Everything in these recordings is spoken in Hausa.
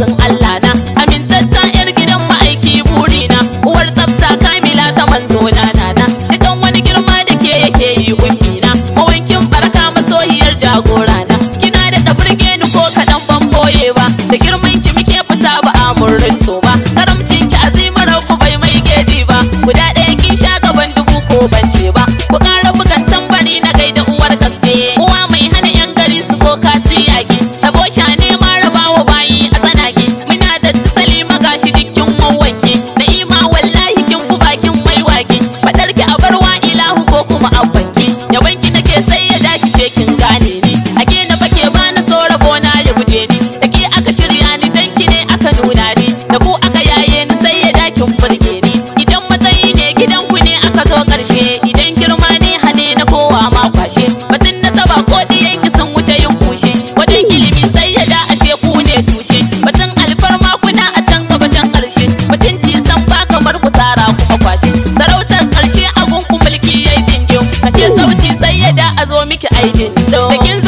salatin Allah na amintatta yar gidan ma'aiki na uwar tsafta kamila ta manzo na na Idan wani girma da ke yake yi na mawankin barka masoyiyar jagora na kina da ɗabrige ni ko kaɗan ban ba da girman ki muke fita ba a to ba karamci They can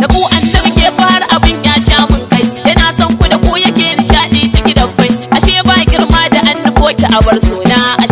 da ku annabi ke fara abin ya sha mun kai yana son ku da ku yake nishadi ciki da kai ashe ba girma da annafo a bar suna